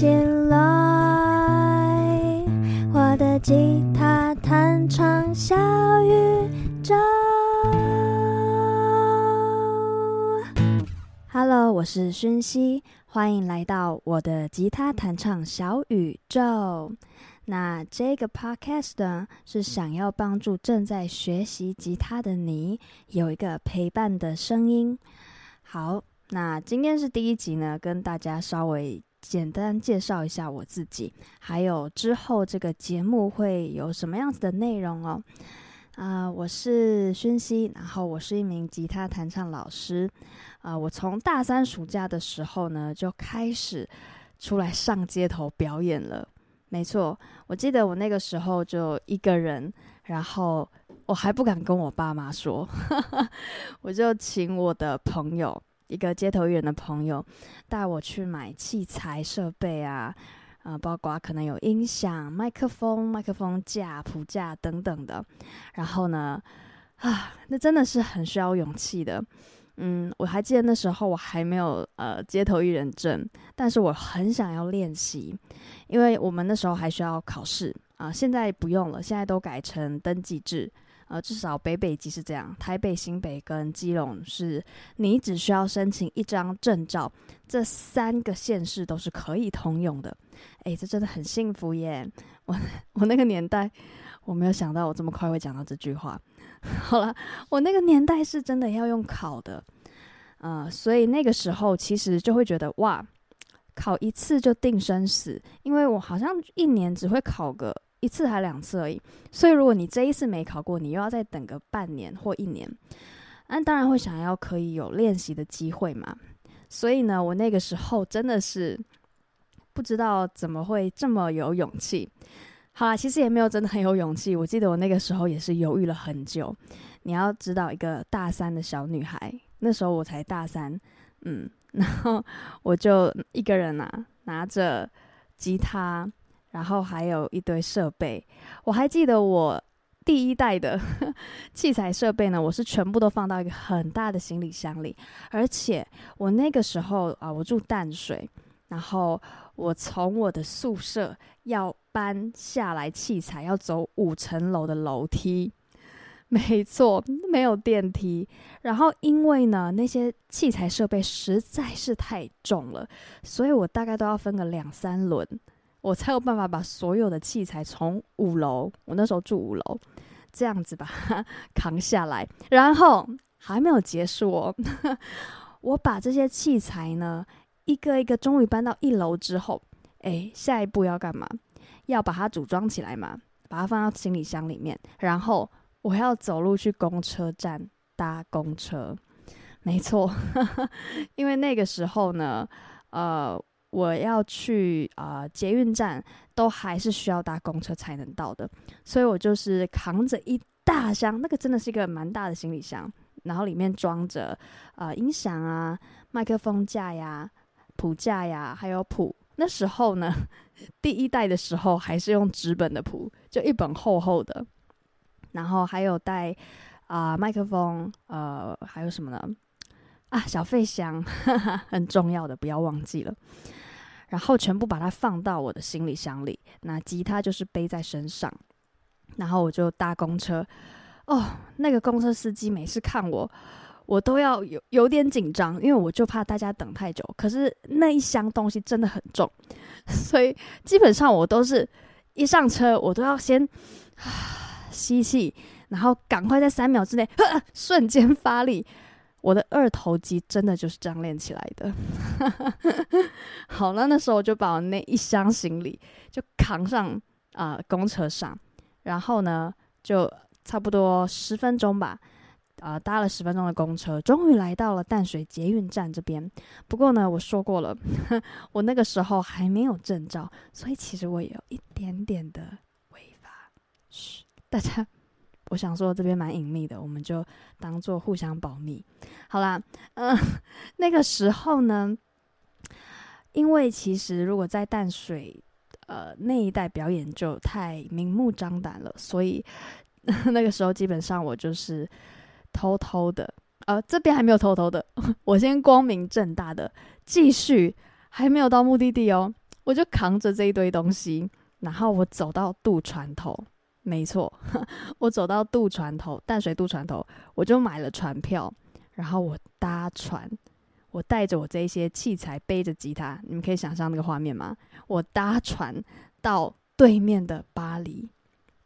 起來，我的吉他彈唱小宇宙。Hello，我是薰熙，歡迎來到我的吉他彈唱小宇宙。那這個 Podcast 呢，是想要幫助正在學習吉他的你有一個陪伴的聲音。好，那今天是第一集呢，跟大家稍微簡單介紹一下我自己，還有之後這個節目會有什麼樣子的內容哦。啊、呃，我是軒熙，然後我是一名吉他彈唱老師。啊、呃，我從大三暑假的時候呢就開始出來上街頭表演了。沒錯，我記得我那個時候就一個人，然後我還不敢跟我爸媽說，呵呵我就請我的朋友。一個街頭藝人的朋友帶我去買器材設備啊，啊、呃，包括可能有音響、麥克風、麥克風架、譜架等等的。然後呢，啊，那真的是很需要勇氣的。嗯，我還記得那時候我還沒有呃街頭藝人證，但是我很想要練習，因為我們那時候還需要考試啊、呃。現在不用了，現在都改成登記制。呃，至少北北基是這樣，台北、新北跟基隆是你只需要申請一張證照，這三個縣市都是可以通用的。誒，這真的很幸福耶！我我那個年代，我沒有想到我這麼快會講到這句話。 好了，我那個年代是真的要用考的，呃，所以那個時候其實就會覺得哇，考一次就定生死，因為我好像一年只會考個。一次還兩次而已，所以如果你這一次沒考過，你又要再等個半年或一年，那當然會想要可以有練習的機會嘛。所以呢，我那個時候真的是不知道怎麼會這麼有勇氣。好啦，其實也沒有真的很有勇氣。我記得我那個時候也是猶豫了很久。你要知道，一個大三的小女孩，那時候我才大三，嗯，然後我就一個人、啊、拿拿着吉他。然後還有一堆設備，我還記得我第一代的，呵，器材設備呢，我是全部都放到一個很大的行李箱裡，而且我那個時候啊，我住淡水，然後我從我的宿舍要搬下來器材，要走五層樓的樓梯，沒錯，沒有電梯。然後因為呢，那些器材設備實在是太重了，所以我大概都要分個兩三輪。我才有辦法把所有的器材從五樓，我那時候住五樓，這樣子吧，扛下來。然後還沒有結束哦呵呵，我把這些器材呢，一個一個終於搬到一樓之後，哎，下一步要幹嘛？要把它組裝起來嘛，把它放到行李箱裡面，然後我要走路去公車站搭公車。沒錯呵呵，因為那個時候呢，呃。我要去啊、呃，捷運站都還是需要搭公車才能到的，所以我就是扛着一大箱，那個真的是一個蠻大的行李箱，然後裡面裝着、呃、啊，音響啊，麥克風架呀，譜架呀，還有譜。那時候呢，第一代的時候還是用紙本的譜，就一本厚厚的，然後還有帶啊，呃，麥克風，呃，還有什麼呢？啊，小費箱，哈哈，很重要的，不要忘記了。然後全部把它放到我的行李箱裡，那吉他就是背在身上。然後我就搭公車，哦，那個公車司機每次看我，我都要有有點緊張，因為我就怕大家等太久。可是那一箱東西真的很重，所以基本上我都是一上車，我都要先吸氣，然後趕快在三秒之內呵瞬間發力。我的二頭肌真的就是這樣練起來的 好。好了，那時候我就把我那一箱行李就扛上啊，呃、公車上，然後呢，就差不多十分鐘吧，啊、呃、搭了十分鐘的公車，終於來到了淡水捷運站這邊。不過呢，我說過了，我那個時候還沒有證照，所以其實我有一點點的違法。噓，大家。我想說這邊蠻隱祕的，我們就當做互相保密。好啦，嗯，呃，那個時候呢，因為其實如果在淡水，呃，那一帶表演就太明目張膽了，所以，呃，那個時候基本上我就是偷偷的，呃，這邊還沒有偷偷的，我先光明正大的繼續，還沒有到目的地哦，我就扛着這一堆東西，然後我走到渡船頭。沒錯，我走到渡船頭，淡水渡船頭，我就買了船票，然後我搭船，我帶着我這些器材，背着吉他，你們可以想象那個畫面嗎？我搭船到對面的八里，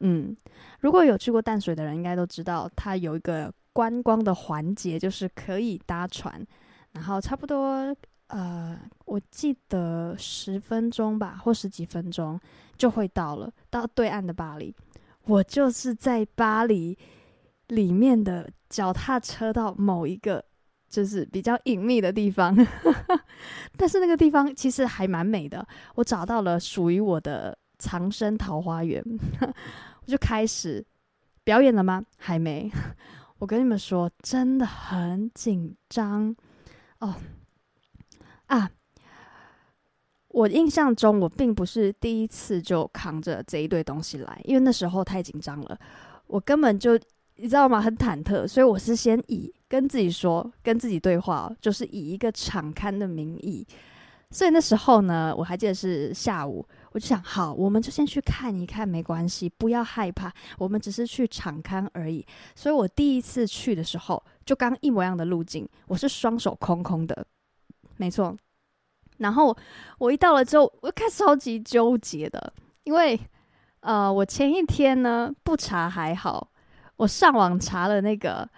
嗯，如果有去過淡水的人，應該都知道，它有一個觀光的環節，就是可以搭船，然後差不多呃，我記得十分鐘吧，或十幾分鐘就會到了，到對岸的八里。我就是在巴黎裡面的腳踏車道某一個，就是比較隱秘的地方， 但是那個地方其實還蠻美的。我找到了屬於我的藏身桃花源。 我就開始表演了嗎？還沒。 我跟你們說，真的很緊張哦啊！我印象中，我並不是第一次就扛着這一堆東西來，因為那時候太緊張了，我根本就你知道嗎？很忐忑，所以我是先以跟自己說、跟自己對話，就是以一個場勘的名義。所以那時候呢，我還記得是下午，我就想，好，我們就先去看一看，沒關係，不要害怕，我們只是去場勘而已。所以我第一次去的時候，就剛一模一樣的路徑，我是雙手空空的，沒錯。然後我一到了之後，我就開始超級糾結的，因為呃，我前一天呢，不查還好，我上網查了那個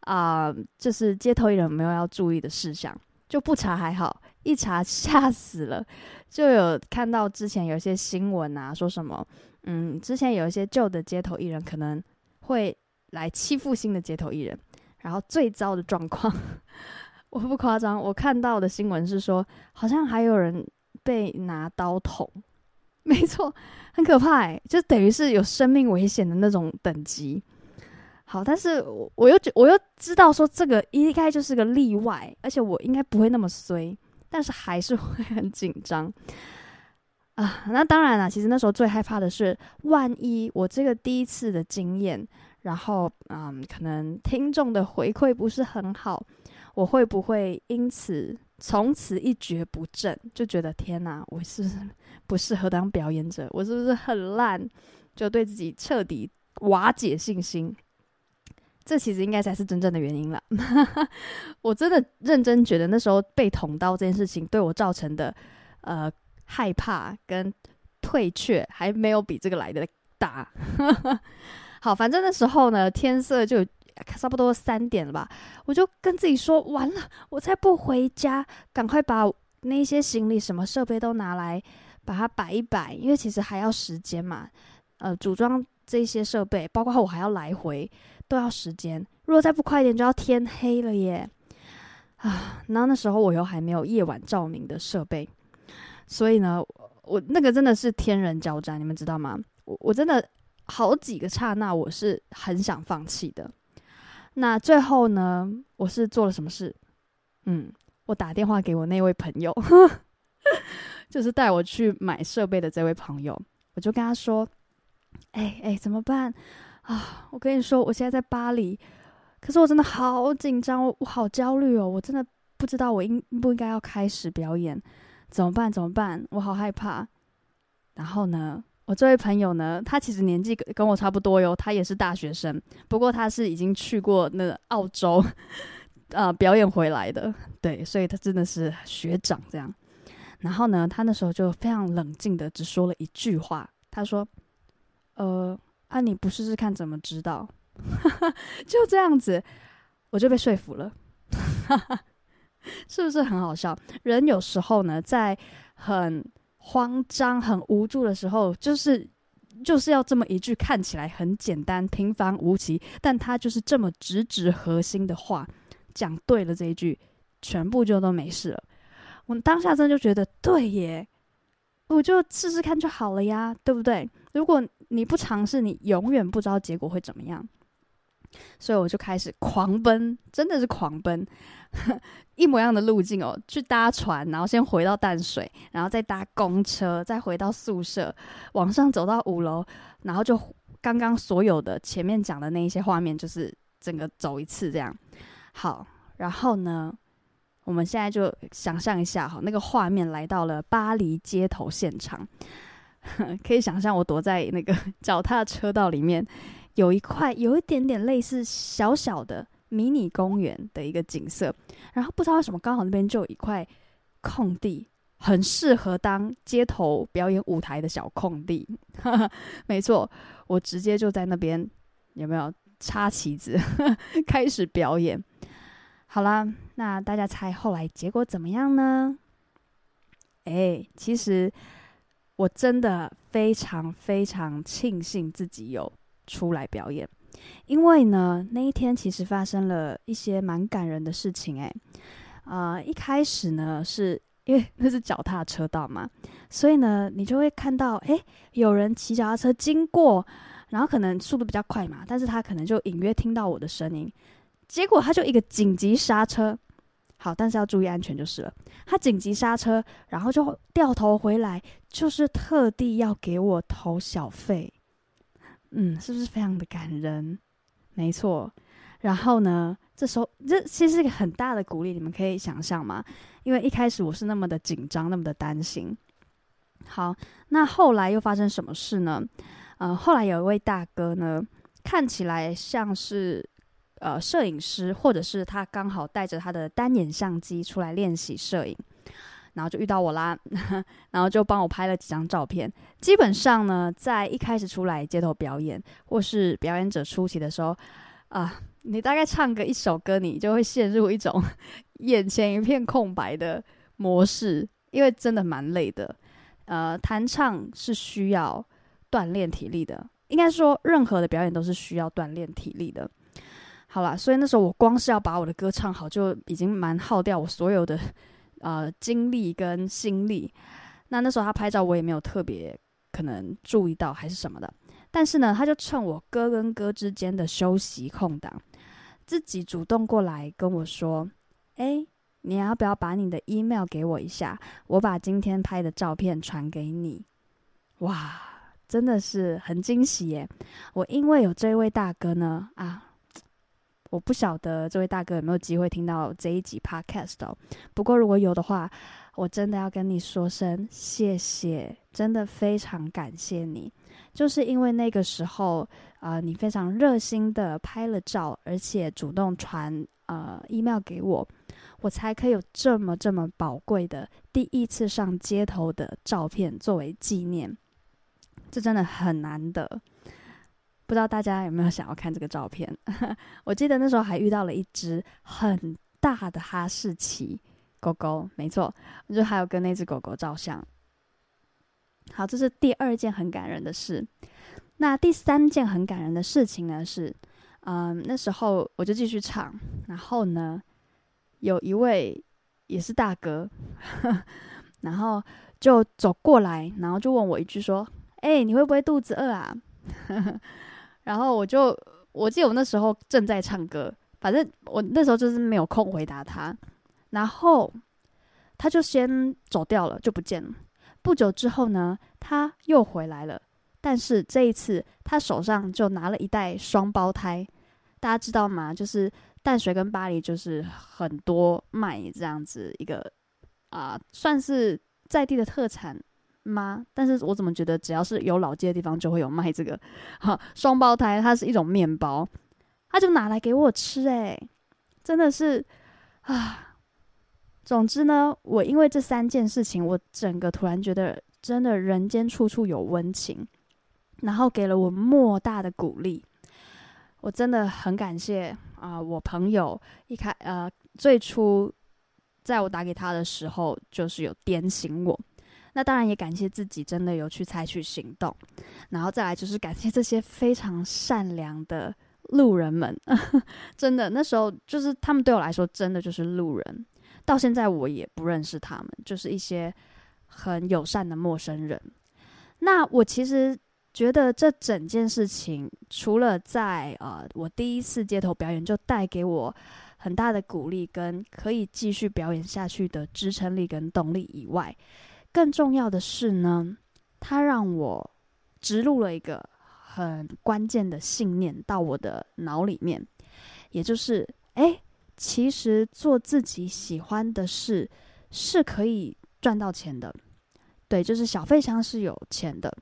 啊、呃，就是街頭藝人沒有要注意的事項，就不查還好，一查嚇死了，就有看到之前有一些新聞啊，說什麼嗯，之前有一些舊的街頭藝人可能會來欺負新的街頭藝人，然後最糟的狀況。 我不誇張，我看到的新聞是說，好像還有人被拿刀捅，沒錯，很可怕哎！就等於是有生命危險的那種等級。好，但是我又覺，我又知道說這個應該就是個例外，而且我應該不會那麼衰，但是還是會很緊張啊。那當然了，其實那時候最害怕的是，萬一我這個第一次的經驗，然後嗯，可能聽眾的回饋不是很好。我會不會因此從此一蹶不振？就覺得天哪，我是不是不適合當表演者？我是不是很爛？就對自己徹底瓦解信心？這其實應該才是真正的原因了。 我真的認真覺得那時候被捅刀這件事情對我造成的呃害怕跟退卻，還沒有比這個來得大。 好，反正那時候呢，天色就。差不多三點了吧，我就跟自己說，完了，我再不回家，趕快把那些行李、什麼設備都拿來，把它擺一擺，因為其實還要時間嘛，呃，組裝這些設備，包括我還要來回，都要時間。如果再不快一點，就要天黑了耶，啊，然後那時候我又還沒有夜晚照明的設備，所以呢，我那個真的是天人交戰，你們知道嗎？我我真的好幾個剎那，我是很想放棄的。那最後呢，我是做了什麼事？嗯，我打電話給我那位朋友，呵呵，就是帶我去買設備的這位朋友，我就跟他說：“哎、欸、哎、欸，怎麼辦啊？我跟你說，我現在在巴黎，可是我真的好緊張，我好焦慮哦，我真的不知道我應不應該要開始表演，怎麼辦？怎麼辦？我好害怕。”然後呢？我這位朋友呢，他其實年紀跟我差不多喲，他也是大學生，不過他是已經去過那個澳洲，啊、呃，表演回來的，對，所以他真的是學長這樣。然後呢，他那時候就非常冷靜的只說了一句話，他說：“呃，啊，你不試試看怎麼知道？” 就這樣子，我就被說服了， 是不是很好笑？人有時候呢，在很……慌張、很無助的時候，就是就是要這麼一句看起來很簡單、平凡無奇，但他就是這麼直指核心的話，講對了這一句，全部就都沒事了。我當下真的就覺得對耶，我就試試看就好了呀，對不對？如果你不嘗試，你永遠不知道結果會怎麼樣。所以我就開始狂奔，真的是狂奔， 一模一樣的路徑哦，去搭船，然後先回到淡水，然後再搭公車，再回到宿舍，往上走到五樓，然後就剛剛所有的前面講的那一些畫面，就是整個走一次這樣。好，然後呢，我們現在就想象一下，哈，那個畫面來到了巴黎街頭現場， 可以想象我躲在那個腳踏車道裡面。有一塊，有一點點類似小小的迷你公園的一個景色，然後不知道為什麼剛好那邊就有一塊空地，很適合當街頭表演舞台的小空地。 沒錯，我直接就在那邊有沒有插旗子 開始表演。好啦，那大家猜後來結果怎麼樣呢？哎、欸，其實我真的非常非常慶幸自己有。出來表演，因為呢，那一天其實發生了一些蠻感人的事情、欸。誒、呃、啊，一開始呢是，因為那是腳踏車道嘛，所以呢，你就會看到，誒、欸，有人騎腳踏車經過，然後可能速度比較快嘛，但是他可能就隱約聽到我的聲音，結果他就一個緊急剎車，好，但是要注意安全就是了。他緊急剎車，然後就掉頭回來，就是特地要給我投小費。嗯，是不是非常的感人？沒錯。然後呢，這時候，這其實是一個很大的鼓勵，你們可以想象嗎？因為一開始我是那麼的緊張，那麼的擔心。好，那後來又發生什麼事呢？呃，後來有一位大哥呢，看起來像是呃攝影師，或者是他剛好帶着他的單眼相機出來練習攝影。然後就遇到我啦，然後就幫我拍了幾張照片。基本上呢，在一開始出來街頭表演或是表演者初期的時候，啊，你大概唱個一首歌，你就會陷入一種眼前一片空白的模式，因為真的蠻累的。呃，彈唱是需要鍛鍊體力的，應該說任何的表演都是需要鍛鍊體力的。好啦，所以那時候我光是要把我的歌唱好，就已經蠻耗掉我所有的。呃，精力跟心力，那那時候他拍照，我也沒有特別可能注意到還是什麼的。但是呢，他就趁我歌跟歌之間的休息空檔，自己主動過來跟我說：“哎，你要不要把你的 email 給我一下？我把今天拍的照片傳給你。”哇，真的是很驚喜耶！我因為有這位大哥呢啊。我不曉得這位大哥有沒有機會聽到這一集 Podcast 哦。不過如果有的話，我真的要跟你說聲謝謝，真的非常感謝你。就是因為那個時候，呃，你非常熱心地拍了照，而且主動傳呃 email 給我，我才可以有這麼這麼寶貴的第一次上街頭的照片作為紀念。這真的很難得。不知道大家有沒有想要看這個照片？ 我記得那時候還遇到了一只很大的哈士奇狗狗，沒錯，就還有跟那只狗狗照相。好，這是第二件很感人的事。那第三件很感人的事情呢是，嗯，那時候我就繼續唱，然後呢，有一位也是大哥， 然後就走過來，然後就問我一句說：“哎，你會不會肚子餓啊？” 然後我就，我記得我那時候正在唱歌，反正我那時候就是沒有空回答他。然後他就先走掉了，就不見了。不久之後呢，他又回來了，但是這一次他手上就拿了一袋雙胞胎。大家知道嗎？就是淡水跟八里就是很多賣這樣子一個啊、呃，算是在地的特產。媽，但是我怎麼覺得，只要是有老街的地方，就會有賣這個。哈，雙胞胎，它是一種麵包，他就拿來給我吃、欸。誒，真的是啊。總之呢，我因為這三件事情，我整個突然覺得，真的人間處處有溫情，然後給了我莫大的鼓勵。我真的很感謝啊、呃，我朋友一開呃，最初在我打給他的時候，就是有點醒我。那當然也感謝自己真的有去採取行動，然後再來就是感謝這些非常善良的路人們，呵呵，真的那時候就是他們對我來說真的就是路人，到現在我也不認識他們，就是一些很友善的陌生人。那我其實覺得這整件事情，除了在呃，我第一次街頭表演就帶給我很大的鼓勵跟可以繼續表演下去的支撐力跟動力以外。更重要的是呢，它讓我植入了一個很關鍵的信念到我的腦裡面，也就是，誒，其實做自己喜歡的事是可以賺到錢的，對，就是小費箱是有錢的。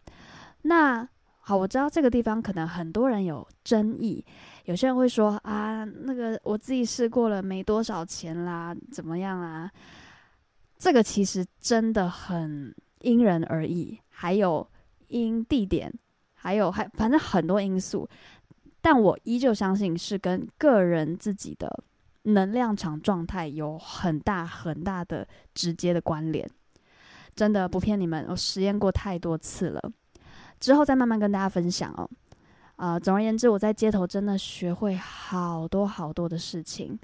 那好，我知道這個地方可能很多人有爭議，有些人會說啊，那個我自己試過了，沒多少錢啦，怎麼樣啊？這個其實真的很因人而異，還有因地點，還有還反正很多因素，但我依舊相信是跟個人自己的能量場狀態有很大很大的直接的關聯，真的不騙你們，我實驗過太多次了，之後再慢慢跟大家分享哦。啊、呃，總而言之，我在街頭真的學會好多好多的事情。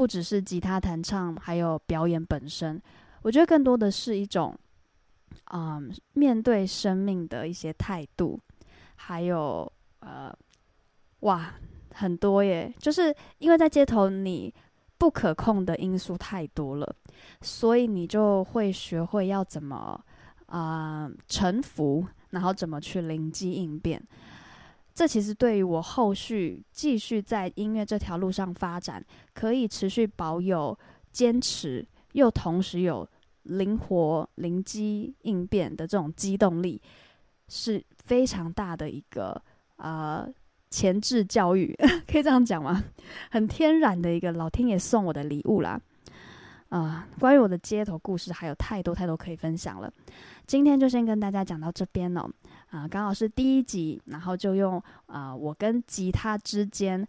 不只是吉他彈唱，還有表演本身，我覺得更多的是一種，啊、呃，面對生命的一些態度，還有呃，哇，很多耶！就是因為在街頭，你不可控的因素太多了，所以你就會學會要怎麼啊、呃、臣服，然後怎麼去臨機應變。這其實對於我後續繼續在音樂這條路上發展，可以持續保有堅持，又同時有靈活、靈機應變的這種機動力，是非常大的一個呃前置教育， 可以這樣講嗎？很天然的一個老天爺送我的禮物啦。啊、呃，關於我的街頭故事還有太多太多可以分享了，今天就先跟大家講到這邊嘍、哦。啊、呃，剛好是第一集，然後就用啊、呃，我跟吉他之間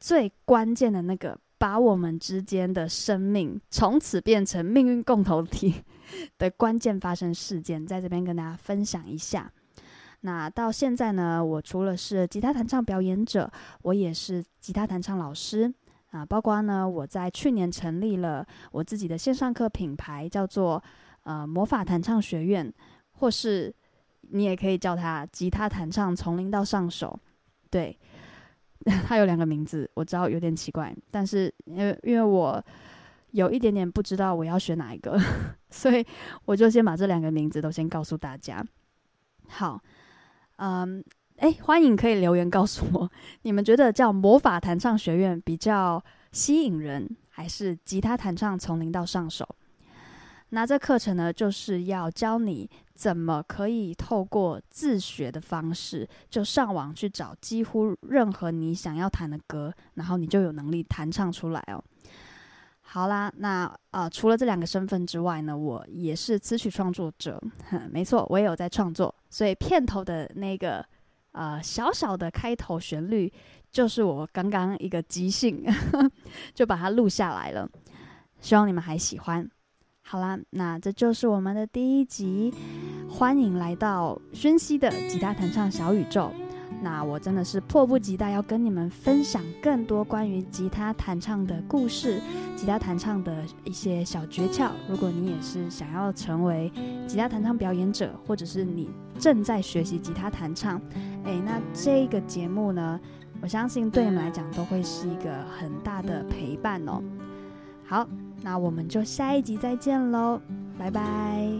最關鍵的那個，把我們之間的生命從此變成命運共同體的關鍵發生事件，在這邊跟大家分享一下。那到現在呢，我除了是吉他彈唱表演者，我也是吉他彈唱老師。啊，包括呢，我在去年成立了我自己的線上課品牌，叫做呃魔法彈唱學院，或是你也可以叫它吉他彈唱從零到上手，對，它有兩個名字，我知道有點奇怪，但是因為、呃、因為我有一點點不知道我要學哪一個，所以我就先把這兩個名字都先告訴大家。好，嗯。誒，歡迎可以留言告訴我，你們覺得叫魔法彈唱學院比較吸引人，還是吉他彈唱從零到上手？那這課程呢，就是要教你怎麼可以透過自學的方式，就上網去找幾乎任何你想要彈的歌，然後你就有能力彈唱出來哦。好啦，那啊、呃，除了這兩個身份之外呢，我也是詞曲創作者，哼，沒錯，我也有在創作，所以片頭的那個。呃，小小的開頭旋律就是我剛剛一個即興，呵呵，就把它錄下來了，希望你們還喜歡。好啦，那這就是我們的第一集，歡迎來到軒熙的吉他彈唱小宇宙。那我真的是迫不及待要跟你們分享更多關於吉他彈唱的故事，吉他彈唱的一些小訣竅。如果你也是想要成為吉他彈唱表演者，或者是你正在學習吉他彈唱，誒，那這個節目呢，我相信對你們來講都會是一個很大的陪伴哦。好，那我們就下一集再見嘍，拜拜。